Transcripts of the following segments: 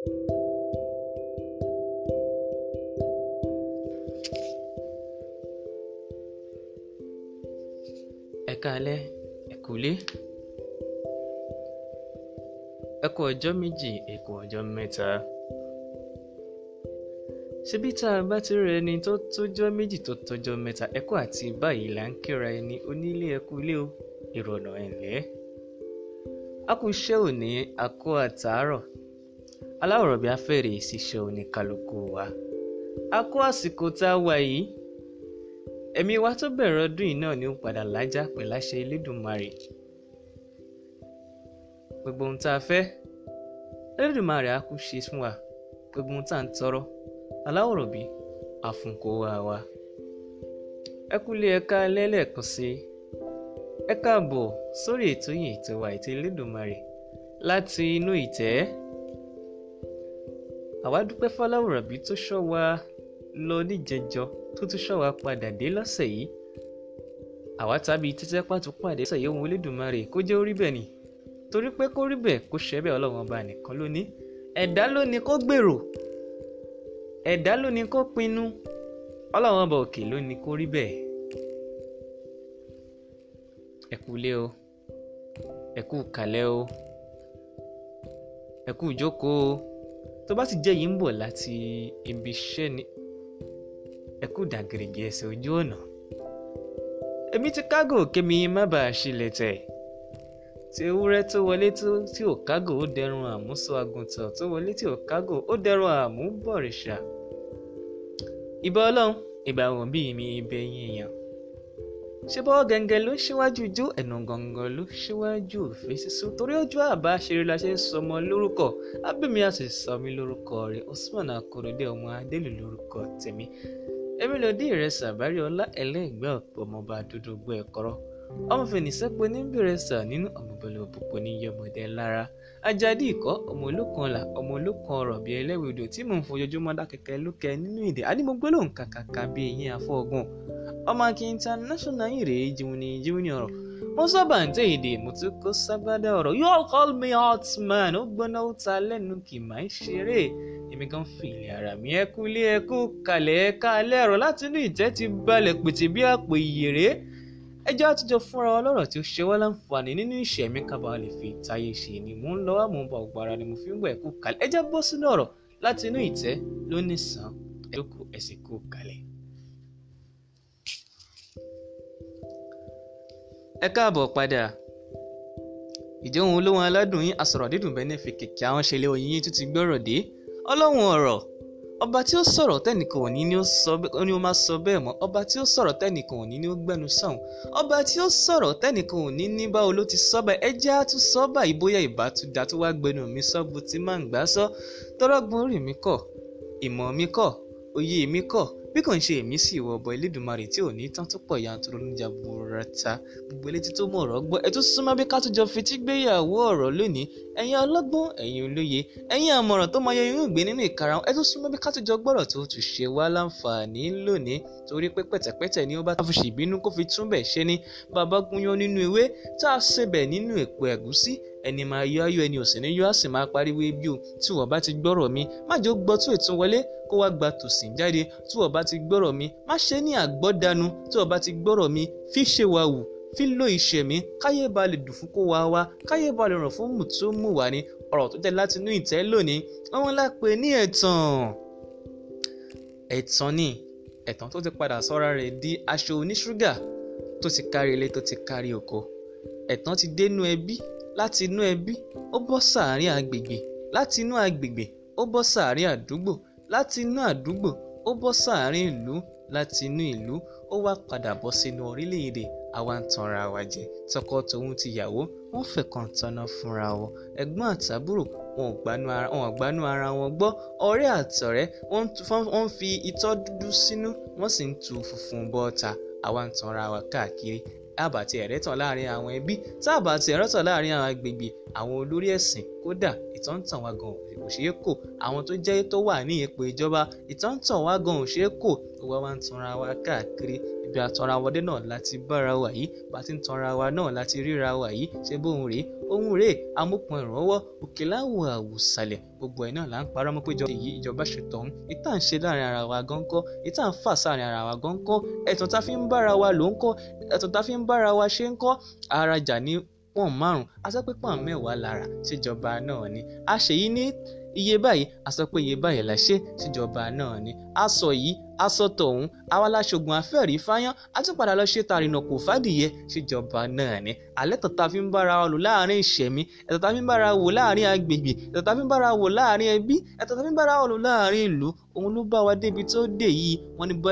ẹ káalẹ́ ẹ kúlé ẹ kú ọjọ́ méjì ẹ kú ọjọ́ mẹ́ta ṣebí tá a bá ti rẹ ẹni tó tọ́jọ́ méjì tó tọ́jọ́ mẹ́ta ẹ àti báyìí là ń kíra ẹni onílé ẹ o ìrọ̀nà ẹ̀ ńlẹ́ a kú iṣẹ́ òní a àtàárọ̀ alárọ̀bí afẹ́rẹ́ ìṣiṣẹ́ oníkálukú wa a kó àsìkò tá a wà yìí ẹ̀mí wa tó bẹ̀rẹ̀ ọdún yìí náà ni ó padà lájà pẹ̀lú àṣẹ Elédùmarè gbogbo ohun tá a fẹ́ Elédùmarè á kú ṣe fún wa gbogbo ohun tá à ń tọrọ alárọ̀bí àfúnkò wa wa ẹ kúlé ẹ̀ka lẹ́lẹ́kan sí ẹ káàbọ̀ sórí ètò yìí ètò wa ètò Elédùmarè láti inú ìtẹ́ àwa dúpẹ́ fọláhùn rẹ̀bí tó ṣọ́ wa lọ níjẹjọ tó tún ṣọ́ wa padà dé lọ́sẹ̀ yìí àwa tàbí títẹ́ pàtó pàdé sẹ̀yẹ́ ohun Elédùmarè kó jẹ́ orí bẹ́ẹ̀ ni torí pé kó rí bẹ́ẹ̀ kó ṣẹ́ bẹ́ẹ̀ ọlọ́run ọba nìkan ló ní ẹ̀dá ló kó gbèrò ẹ̀dá ló kó pinnu ọlọ́run ọba òkè ló kó rí bẹ́ẹ̀ ẹ kú ilé o ẹ kú kàlẹ̀ o ẹ kú ìjókòó o tó bá sì jẹ́ yìí ń bọ̀ láti ibi iṣẹ́ ni ẹ kú dàgèrègè ẹsẹ̀ ojú ọ̀nà èmi ti kágò kémi má bàa ṣílẹ̀ tẹ̀ tí ewúrẹ́ tó wọlé tí ò kágò ó dẹrun àmú àgùntàn tó wọlé tí ò kágò ó dẹrun àmú bọ̀rìṣà ọlọ́run ìbà òbí mi ibẹ̀ yín èèyàn ṣé bọ́wọ́ gẹ́gẹ́ ló ṣíwájú ijó ẹ̀nà gọ̀ǹgọ̀ ló ṣíwájú òfin sísú torí ọjọ́ àbá ṣeré la ṣe ń sọmọ lórúkọ abẹ́mi àṣẹ sọmi lórúkọ rẹ̀ Usman Akorede ọmọ adélù lórúkọ tèmi èmi ló dín ìrẹsì àbárí ọlá ẹlẹ́gbẹ́ ọ̀pọ̀ ọmọọba dúdú gbọ́ ẹ̀kọ́rọ́ ọmọfẹ̀nì sẹ́pẹ́ ní sà nínú ọmọbẹ̀lẹ̀ òpópónà ní yọmọdé lára ajadi ikọ́ ọmọ olókan ọ̀la ọmọ olókan ọ̀rọ̀ bíi ẹlẹ́wẹ̀dọ̀ tí mò ń fojoojúmọ́ dá kẹ̀kẹ́ lókè nínú èdè anímọ̀gbẹ́lò ń bíi eyín afọ́ ọgbọ́n ọmọkin international yìí rèé jiwuni jiwuni ọ̀rọ̀ mo sábà ń tẹ èdè mo tún kó sábàdà ọ̀rọ̀ you all call me hot man ó gbóná ó ta lẹ́nu kì máa ń ṣeré èmi gan fìlẹ ara mi ẹkú lé ẹkú kalẹ̀ ẹka alẹ́ ọ̀rọ̀ láti inú ìtẹ́ ti balẹ̀ pètè bí àpò ìyèrè ẹjọ́ àtijọ́ fúnra wa lọ́rọ̀ tí ó ṣe wá láǹfààní nínú ìṣẹ̀mí kábàá lè fi ìtayé ṣe ni mò ń lọ wá mò ń bá ọgbàrà ni mo fi ń wẹ̀ kú kalẹ̀ ẹjọ́ bọ́ sínú ọ̀rọ̀ láti inú ìtẹ́ ló nìsàn ẹ̀dókò ẹ̀sìn kú kalẹ̀. ẹ káàbọ̀ padà ìjẹun olóhùn aládùn yín asọ̀rọ̀ dídùn bẹ́ẹ̀ ní fi kìkì àwọn ṣẹlẹ̀ oyin yín tún ti gbọ́rọ̀ dé ọlọ́run ọ̀rọ̀ ọba tí ó sọ̀rọ̀ tẹ́nìkan òní ni ó máa sọ bẹ́ẹ̀ mọ́ ọba tí ó sọ̀rọ̀ tẹ́nìkan òní ni ó gbẹ́nu sọ̀hún ọba tí ó sọ̀rọ̀ tẹ́nìkan òní ní báwo ló ti sọ́bà ẹjẹ́ á tún sọ́bà ìbóyá ìbátúdà tó wá gbẹnu mi sọ́gbó tí máa ń gbà sọ tọ́rọ́gbọ́n rì mí kọ̀ ìmọ̀ mi kọ̀ òye mi kọ̀ bí kò ń ṣe ìmísí ìwọ ọbọ Elédùmarè tí ò ní tán tó pọ̀ yanturu níjà burata gbogbo elétí tó mọ ọ̀rọ̀ gbọ́ ẹ tó súnmọ́ bí ká tó jọ fetí gbéyàwó ọ̀rọ̀ lónìí ẹ̀yin ọlọ́gbọ́n ẹ̀yin olóye ẹ̀yin àmọ̀ràn tó máa yọ irú ìgbé nínú ìkarahun ẹ tó súnmọ́ bí ká tó jọ gbọ́rọ̀ tó tù ṣe wá láǹfààní lónìí torí pé pẹ̀tẹ̀pẹ̀tẹ̀ ni ó bá fòṣì bínú kó fi túnbẹ̀ ṣe ni bàbá gúnyán nínú ewé tá a sebẹ̀ nínú èpo ẹ̀gúsí ẹni máa yọ ayọ̀ ẹni ò sì ní yọ á sì máa pariwo ebi o tí wọ́n bá ti gbọ́rọ̀ mi má jẹ́ ó gbọ́ tó ètò wọlé kó wá gba tòsí jáde tí wọ́n bá ti gbọ́rọ̀ mi má ṣe ní àgbọ́danu tí wọ́n bá ti gbọ́rọ̀ mi fi ṣe wa wù fi lo ìṣẹ̀mí káyé ba lè dùn fún kó wa wá káyé ba lè ràn fún mù tó mù wá ni ọ̀rọ̀ tó jẹ́ láti inú ìtẹ́ lónìí wọ́n lá pè ní ẹ̀tàn ẹ̀tàn ni ẹ̀tàn tó ti padà sọ́ra rẹ̀ di aṣọ oníṣúgà tó ti kárí ilé tó ti kárí oko ẹ̀tàn ti dénú ẹbí láti inú ẹbí ó bọ́ sáàrin agbègbè láti inú agbègbè ó bọ́ sáàrin àdúgbò láti inú àdúgbò ó bọ́ sáàrin ìlú láti inú ìlú ó wá padà bọ́ sínú orílẹ̀-èdè àwa ń tanra wa jẹ tọkọ tòun tìyàwó wọ́n fẹ̀kàn tanná fúnra wọn ẹ̀gbọ́n àtàbúrò wọn gbanú ara wọn gbọ́ ọ̀rẹ́ àtọ̀rẹ́ wọ́n fi itọ́ dúdú sínú wọ́n sì ń tu funfun bọ́ta àwa ń tanra wa káàkiri àbàtì ẹ̀rẹ́tàn láàrin àwọn ẹbí tá àbàtì ẹ̀rẹ́tàn láàrin àwọn agbègbè àwọn olórí ẹ̀sìn kódà ìtọ́ntàn wa gan ò ṣeé kò àwọn tó jẹ́ tó wà ní ipò ìjọba ìtọ́ntàn wa gan ò ṣeé kò ìwà wa ń tanra wa káàkiri ibi àtanra wọlé náà láti bára wa yìí bá ti ń tanra wa náà láti ríra wa yìí ṣe bóun rèé ohun rèé amúpọn ìrànwọ́ òkè láwọ̀ àwòsàlẹ̀ gbogbo ẹ̀ náà là ń parọ́ mọ́ pé ìjọba ṣètò ọ̀hún ìtàn ń ṣe láàrin ara wa gọ́ńkọ́ ìtàn ń fà sáàrin ara wa gọ́ńkọ́ ẹ̀tàn tá fi ń bára wa ló ń kọ́ ẹ̀tàn tá fi ń bára wa ṣe ń kọ́ arajà ní pọ́n márùn-ún a sọ pé pọ́n mẹ́wàá lára síjọba náà ni a ṣèyí ní iye báyìí a pé iye báyìí la ṣe síjọba náà ni a sọ yìí a sọ tọ̀hún àwa aláṣogun afẹ́rí fáyán a tún padà lọ ṣe tàrínà kò fàdìyẹ síjọba náà ni alẹ́ tọ̀tà fi ń bára wa lò láàrin ìṣẹ̀mí ẹ̀tọ̀tà fi ń bára wò láàrin agbègbè ẹ̀tọ̀tà fi ń bára wò láàrin ẹbí ẹ̀tọ̀tà fi ń bára wò lò láàrin ìlú òun ló bá wa débi tó dé yìí wọ́n ní bá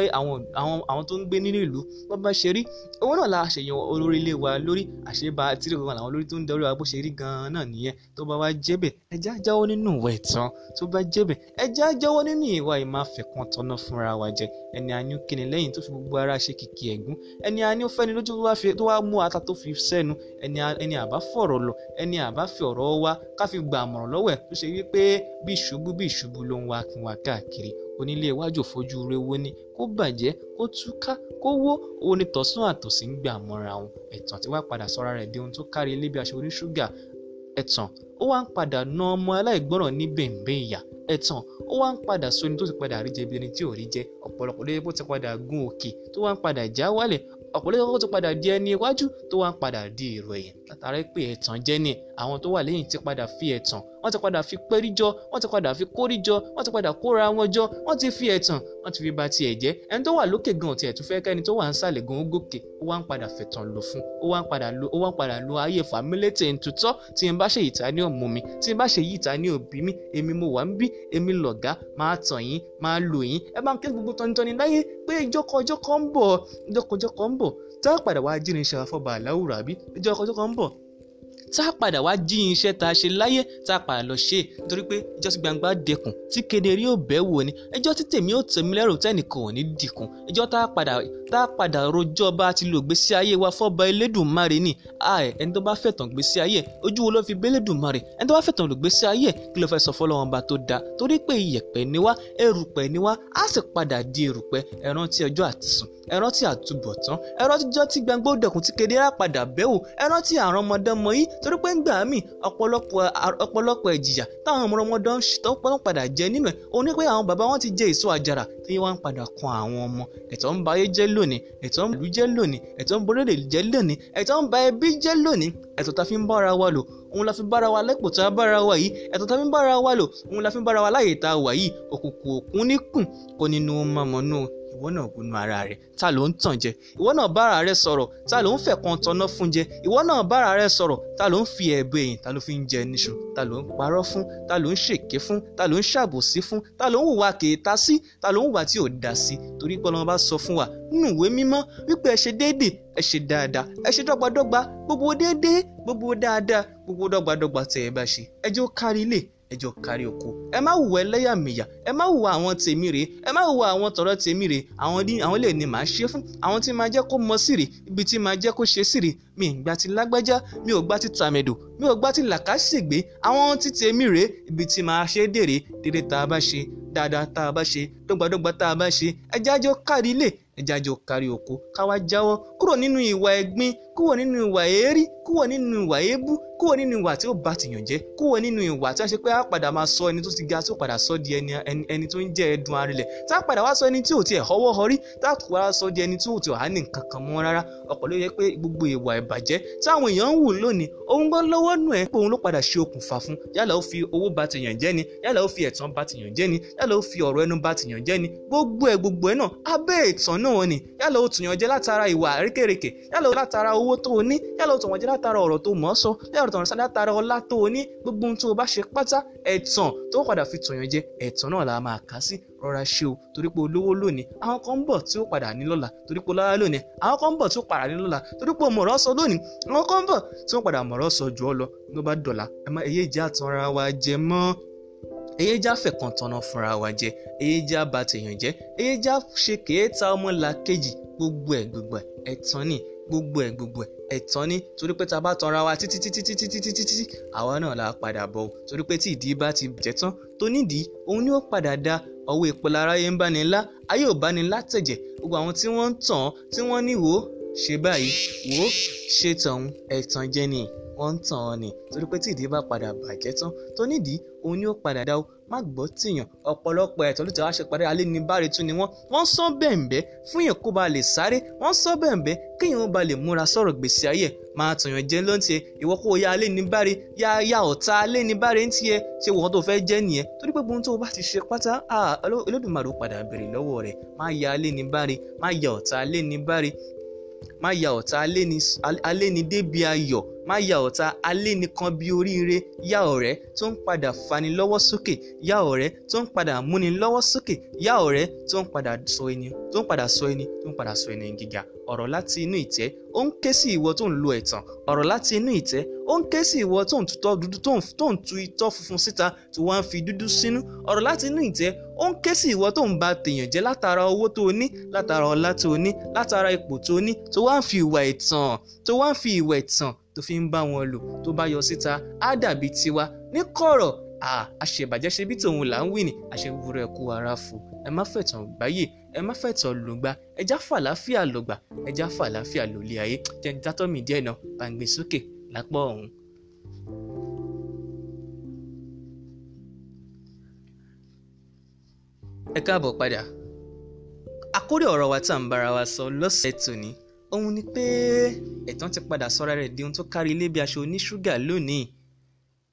àwọn tó ń gbé nínú ìlú wọ́n bá ṣe rí òun náà la ṣèyàn olórí ilé wa lórí àṣebà tírìkọ̀ọ́ làwọn olórí tó ń darí wa bó ṣe rí gan-an náà nìyẹn tó bá wa jẹ́bẹ̀ ẹja jáwọ́ nínú ìwà tán tó bá jẹ́bẹ̀ ẹ jẹ́ á jẹ́wọ́ nínú ìwà ìmáfẹ̀kan tọ́nà fúnra wa jẹ ẹni àní ó kíni lẹ́yìn tó fi gbogbo ara ṣe kìkì ẹ̀gún ẹni àní ó fẹ́ni lójú tó wá mú ata tó fi sẹ́nu ẹni àbá fọ̀rọ̀ lọ ẹni àbá fi ọ̀rọ̀ wá ká fi gbà àmọ̀ràn lọ́wọ́ ẹ̀ tó ṣe wípé bí ìṣubú bí ìṣubú ló ń wá kí wá káàkiri onílé iwájú òfojú rewo ni kó bàjẹ́ kó túká kó wó owó ni tọ̀sán àtòsí ń gbà mọ́ra wọn ẹ̀tàn tí wàá padà sọ́ra rẹ̀ di ohun tó kárí ilé bí aṣọ oníṣúgà ẹ̀tàn ó wá ń padà na ọmọ aláìgbọ́ràn ní bèǹbè ìyà ẹ̀tàn ó wá ń padà sóni tó ti padà rí jẹ bí ẹni tí ò rí jẹ ọ̀pọ̀lọpọ̀ lóye bó ti padà gun òkè tó wá ń padà já wálẹ̀ ọ̀pọ̀lọpọ̀ tó padà di ẹni iwájú tó wá ń padà di èrò ẹ̀yìn látara pé ẹ̀tàn jẹ́ ni àwọn tó wà lẹ́yìn ti padà fi ẹ̀tàn wọ́n ti padà fi péríjọ wọ́n ti padà fi kóríjọ wọ́n ti padà kóra wọn jọ wọ́n ti fi ẹ̀tàn wọ́n ti fi ba tiẹ̀ jẹ́ ẹni tó wà lókè gan ọ̀tí ẹ̀tún fẹ́ kẹ́ni tó wà ń sàlẹ̀ gan ó gòkè ó wá ń padà fẹ̀tàn lò fún ó wá ń padà lo ó wá ń padà lo ayé fàmílétè ntutọ́ tí n bá ṣe ìta ní ọ̀mù mi tí n bá ṣe yíta ní òbí mi èmi mo wà ń bí èmi lọ̀gá máa tàn yín máa lò yín ẹ bá ń kẹ́ gbogbo tọ́nitọ́ni láyé pé ìjọkọ̀jọkọ̀ ń bọ̀ ìjọkọ̀jọkọ̀ ń bọ̀ tá a padà wá jírin ṣe àfọ̀bà àláwùrà bí ìjọkọ̀jọkọ̀ ń bọ̀ tá a padà wá jí iṣẹ́ tá a ṣe láyé tá a padà lọ ṣe torí pé ẹjọ́ tí gbangba dẹkùn tí kedere yóò bẹ́ wò ni ẹjọ́ tí tèmi yóò tẹ̀mí lẹ́rù tẹ́nìkan ò ní dìkun ẹjọ́ tá a padà tá a padà rojọ́ bá a ti lò gbésí ayé wa fọ́ba Elédùmarè ni àì ẹni tó bá fẹ́ tàn gbésí ayé ojú wo ló fi b'Élédùmarè ẹni tó bá fẹ́ tàn lò gbésí ayé kí ló fẹ́ sọ fọlọ́wọ́n bá tó da torí pé iyẹ̀pẹ̀ ni wá erùpẹ̀ ni wá á sì padà di erùpẹ̀ ẹ rántí ọjọ́ àtisùn ẹ rántí àtúbọ̀tán ẹ rántí jọ́ tí gbangba ó dẹkùn tí kedere á padà bẹ́wò ẹ rántí àrọ́mọdọ́mọ yìí torí pé ń gbà mí ọ̀pọ̀lọpọ̀ ìjìyà táwọn ọmọọmọdọ́ ń ṣètò pọ́n padà jẹ nínú ẹ̀ òun ní pé àwọn bàbá wọn ti jẹ èso àjàrà tí wọ́n ń padà kan àwọn ọmọ ẹ̀tọ́ ń ba ayé jẹ́ lónìí ẹ̀tọ́ ń bàlú jẹ́ lónìí ẹ̀tọ́ ń borí èdè jẹ́ lónìí ẹ̀tọ́ ń ba ẹbí jẹ́ lónìí ẹ̀tọ́ ta fi ń bára wa lò òun la fi bára wa lẹ́pọ̀ tá a bára wa yìí ẹ̀tọ́ tá fi ń bára wa lò òun la fi ń bára wa láyè tá wà yìí òkùnkùn òkun níkùn kó nínú mọ̀mọ́nú ìwọ náà gunú ara rẹ ta ló ń tàn jẹ ìwọ náà bára rẹ sọ̀rọ̀ ta ló ń fẹ̀kan tọ́ná fún jẹ ìwọ náà bára rẹ sọ̀rọ̀ ta ló ń fi ẹ̀bẹ̀ èyìn ta ló fi ń jẹ níṣu ta ló ń parọ́ fún ta ló ń ṣèké fún ta ló ń ṣàbòsí fún ta ló ń hùwà kèéta sí ta ló ń hùwà tí ò dá sí torí pé ọlọ́run bá sọ fún wa nínú ìwé mímọ́ wípé ẹ ṣe déédéé ẹ ṣe dáadáa ẹ ṣe dọ́gbadọ́gba gbogbo déédéé gbogbo dáadáa gbogbo dọ́gbadọ́gba tẹ̀ ẹ bá ṣe ẹ jẹ́ ó kárí ilé ẹ jọ kárí oko ẹ má hùwà ẹlẹ́yàmẹ̀yà ẹ má hùwà àwọn tèmi rèé ẹ má hùwà àwọn tọ̀rọ̀ tèmi rèé àwọn ilé ni màá ṣe fún àwọn tí màá jẹ́ kó mọ sírì ibi tí màá jẹ́ kó ṣe sírì mi ì gba ti lágbájá mi ò gba ti tàmẹ̀dò mi ò gba ti làkàṣègbè àwọn ti tèmi rèé ibi tí màá ṣe dèrè dédé tá a bá ṣe dáadáa tá a bá ṣe dọ́gbadọ́gba tá a bá ṣe ẹja jọ kárí ilé ẹja jọ kárí oko káwa jáwọ́ kúrò nínú ìwà ẹ̀gbin kúrò nínú ìwà èérí kúrò nínú ìwà èébú kúrò nínú ìwà tí ó bá tìyàn jẹ́ kúrò nínú ìwà tí wọ́n ṣe pé á padà máa sọ ẹni tó ti ga tí ó padà sọ di ẹni ẹni tó ń jẹ́ ẹdun arinlẹ̀ tá a padà wá sọ ẹni tí ò tiẹ̀ họwọ́ họrí tá a padà sọ di ẹni tí ò tiẹ̀ hání nǹkan mọ́ rárá ọ̀pọ̀ ló yẹ pé gbogbo ìwà ẹ̀b ìbàjẹ́ táwọn èèyàn ń wù lónìí òun gbọ́ lọ́wọ́ nù ẹ́ pé òun ló padà ṣe okùnfà fún yálà ó fi owó bá tèèyàn jẹ́ ni yálà ó fi ẹ̀tàn bá tèèyàn jẹ́ ni yálà ó fi ọ̀rọ̀ ẹnu bá tèèyàn jẹ́ ni gbogbo ẹ̀ gbogbo ẹ̀ náà abẹ́ ìtàn náà ni yálà ó tùyàn jẹ́ látara ìwà rékèrèkè yálà ó látara owó tó o ní yálà ó tùyàn jẹ́ látara ọ̀rọ̀ tó mọ̀ ọ́ sọ yálà ó tùyàn látara ọlá tó la máa rọra ṣe o torí pé olówó lónìí àwọn kan ń bọ̀ tí ó padà ní lọ́la torí pé olówó lónìí àwọn kan ń bọ̀ tí ó padà ní lọ́la torí pé mọ̀rọ̀ sọ lónìí àwọn kan ń bọ̀ tí wọ́n padà mọ̀rọ̀ sọ jù ọ lọ ló bá dọ̀la ẹ má èyí ìjà tan ara wa jẹ mọ́ èyí já fẹ̀kan tanná fúnra wa jẹ èyí já ba tèèyàn jẹ èyí já ṣe kéèta ọmọ làkejì gbogbo ẹ̀ gbogbo ẹ̀ ẹ̀tàn ni gbogbo ẹ̀ gbogbo ẹ̀ ẹ̀tàn ni torí pé ta bá tanra wa títí títí títí títí títí àwa náà la padà bọ̀ torí pé tí ìdí bá ti jẹ tán tó nídìí òun ni ó padà da ọwọ́ ìpẹ́lẹ̀ aráyé ń bá ní ńlá ayé ò bá ní ńlá tẹ̀jẹ̀ gbogbo àwọn tí wọ́n ń tàn án tí wọ́n ní wò ó ṣe báyìí wò ó ṣe tọ̀hún ẹ̀tàn jẹ́ nìyí wọ́n ń tàn án ni torí pé tí ìdí bá padà bàjẹ́ tán tó nídìí òun ni ó padà dá o má gbọ́ tìyàn ọ̀pọ̀lọpọ̀ ẹ̀tọ́ ló wá ṣe padà alẹ́ ní báre tún ni wọ́n wọ́n sọ bẹ̀m̀bẹ́ fún yẹn kó ba lè sáré wọ́n sọ bẹ̀m̀bẹ́ kéèyàn ba lè múra sọ̀rọ̀ gbèsè ayé ẹ̀ máa tọ̀yàn jẹ́ ló ń tiẹ̀ ìwọ kó ya alẹ́ ní báre ya ya ọ̀tá alẹ́ ní báre ń tiẹ̀ ṣé wọ́n tó fẹ́ jẹ́ nìyẹn torí pé gbogbo tó o bá ti ṣe pátá Olódùmarè ó padà béèrè lọ́wọ́ rẹ̀ má ya alẹ́ ní báre má ya ọ̀tá alẹ́ ní débi ayọ̀ má ya ọ̀tá alénìkan bí oríire yá ọ̀rẹ́ tó ń padà fani lọ́wọ́ sókè yá ọ̀rẹ́ tó ń padà múni lọ́wọ́ sókè yá ọ̀rẹ́ tó ń padà sọ ẹni tó ń padà sọ ẹni tó ń padà sọ ẹni gíga ọ̀rọ̀ láti inú ìtẹ́ ó ń ké sí ìwọ tó ń lo ẹ̀tàn ọ̀rọ̀ láti inú ìtẹ́ ó ń ké sí ìwọ tó ń tutọ́ dúdú tó ń tu itọ́ funfun síta tó wá ń fi dúdú sínú ọ̀rọ̀ láti inú ìtẹ́ ó ń ké sí ìwọ tó ń ba tèèyàn jẹ́ látara owó tó ní látara ọlá tó ní látara ipò tó ní tó wá ń fi ìwà ẹ̀tàn tó wá ń fi ìwà ẹ̀tàn tó fi ń bá wọn lò tó bá yọ síta á dàbí tiwa ní kọ̀rọ̀ àṣebàjẹ́ ṣe bí tòun là ń wí ni àṣewúrẹ́ kú ara fò ẹ má fẹ̀tàn gbáyé ẹ má fẹ̀tàn lùgbà ẹjá fàlàáfíà lọ́gbà ẹjá fàlàáfíà lòlẹ̀ ayé jẹ́ńtátọ́mì díẹ̀ náà bàǹgbè sókè lápọ̀ ọ̀hún. ẹ káàbọ̀ padà àkórí ọ̀rọ̀ wa tá à ń bára wa sọ lọ́sẹ̀ tòní òun ni pé ẹ̀tàn ti padà sọra rẹ̀ di ohun tó kárí ilé bí aṣọ oníṣúgà lónìí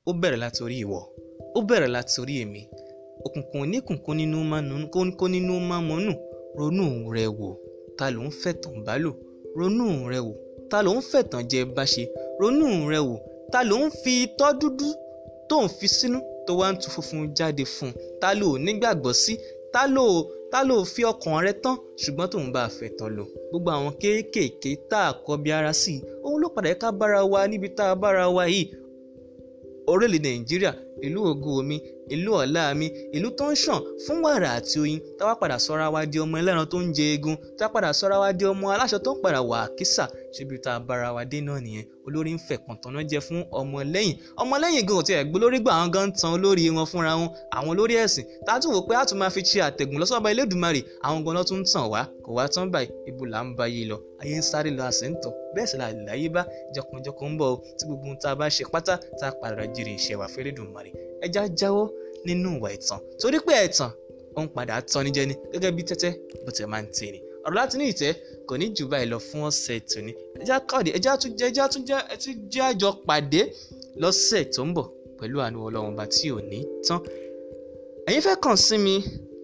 ó bẹ̀rẹ̀ látòrí ìwọ ó bẹ̀rẹ̀ látòrí èmi òkùnkùn oníkùnkùn nínú kó nínú máa mọ́nù ronú rẹ̀ wò ta ló ń fẹ̀tàn bá lò ronú rẹ̀ wò ta ló ń fẹ̀tàn jẹ bá ṣe ronú rẹ̀ wò ta ló ń fi itọ́ dúdú tó ń fi sínú tó wá ń tu funfun jáde fún ta ló ò nígbàgbọ́ sí ta ló ò ta ló fi ọkàn rẹ tán ṣùgbọ́n tòun bá fẹ́ tán lò gbogbo àwọn kéékèèké tá a kọbi ara sí i òun ló padà ká bára wa níbi tá a bára wa yìí orílẹ̀ nàìjíríà ìlú ògo omi ìlú ọ̀làmí ìlú tó ń ṣàn fún wàrà àti oyin táwa padà sọ́ra wa di ọmọ ẹlẹ́ran tó ń jẹ eegun táwa padà sọ́ra wa di ọmọ aláṣọ tó ń padà wà kísà ṣíbi tá a bára wa dé náà nìyẹn olórí ń fẹ̀ pọ̀ntàná jẹ fún ọmọlẹ́yìn ọmọlẹ́yìn gan òtí ẹ̀gbọ́n lórí gbà àwọn gan tan olórí wọn fúnra wọn àwọn olórí ẹ̀sìn tá a tún wò pé a tún máa fi ṣe àtẹ̀gùn lọ́sọ́ba elédùnmarè àwọn gan tún tàn wá kò wá tán báyìí ibo là ń ba yé lọ ayé ń sáré lọ àṣẹ ń tọ̀ bẹ́ẹ̀ sì láyé bá jọkànjọkàn ń bọ̀ tí gbogbo ohun tá a bá ṣe pátá tá a padà jèrè ìṣẹ̀wà fẹ́rẹ́dùnmarè ẹja nínú ìwà ẹ̀tàn torí pé ẹ̀tàn ó ń padà tọ́ni jẹ ni gẹ́gẹ́ bí tẹ́tẹ́ bó ti máa ń tèrè ọ̀rọ̀ láti ní ìtẹ́ kò ní jù báyìí lọ fún ọ̀sẹ̀ tòní ẹjá kọ́ọ̀dì ẹjá tún jẹ́ ẹjá tún jẹ́ ẹtí jẹ́ àjọ pàdé lọ́sẹ̀ tó ń bọ̀ pẹ̀lú àánú ọlọ́run ọba tí ò ní tán ẹ̀yin fẹ́ kàn sí mi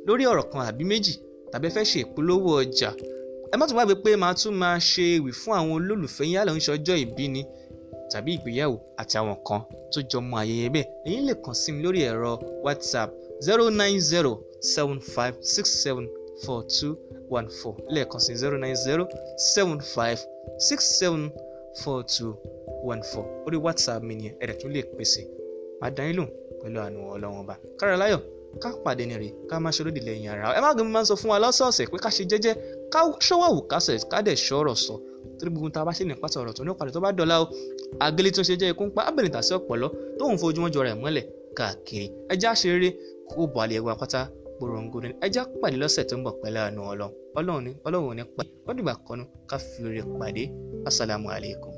lórí ọ̀rọ̀ kan àbí méjì tàbí fẹ́ ṣe ìpolówó ọjà ẹ má tún wá gbé pé màá tún máa ṣe ewì fún àwọn olólùfẹ́ yálà ń ṣọjọ́ ìbí ni tàbí ìgbéyàwó àti àwọn kan tó jọ mọ́ ayẹyẹ bẹ́ẹ̀ èyí lè kàn sí mi lórí ẹ̀rọ WhatsApp zero nine zero seven five six seven four two one four lẹ́ẹ̀kan sí zero nine zero seven five six seven four two one four orí WhatsApp mi nìyẹn ẹ̀rẹ̀ tún lè pèsè màá dá yín lóhùn pẹ̀lú àánú Ọlọ́run ọba kára láyọ̀ ká pàdé ní rè ká má ṣe olódìlẹ́yìn ara ẹ má gbé mi máa ń sọ fún wa lọ́sọ̀ọ̀sẹ̀ pé ká ṣe jẹ́jẹ́ ká ṣọ́wọ́wù ká sẹ̀ ká dẹ̀ ṣọ́rọ̀ sọ. So torí gbogbo ta bá ṣe nìkan sọ̀rọ̀ tó ní padà tó bá dọ̀la o àgélé tó ṣe jẹ́ ikú ń pa abẹ́rẹ́ tàṣí ọ̀pọ̀lọ́ tóun fojú wọn jọra ẹ̀ mọ́lẹ̀ káàkiri ẹjẹ́ àṣeré kó bọ̀ àlẹ́ ẹgbẹ́ apáta gbòròǹgò ní ẹjẹ́ pàdé lọ́sẹ̀ tó ń bọ̀ pẹ̀lú àánú ọlọ́run ọlọ́run ní pàdé ó dìgbà kọ́nu ká pàdé assalamu alaikum.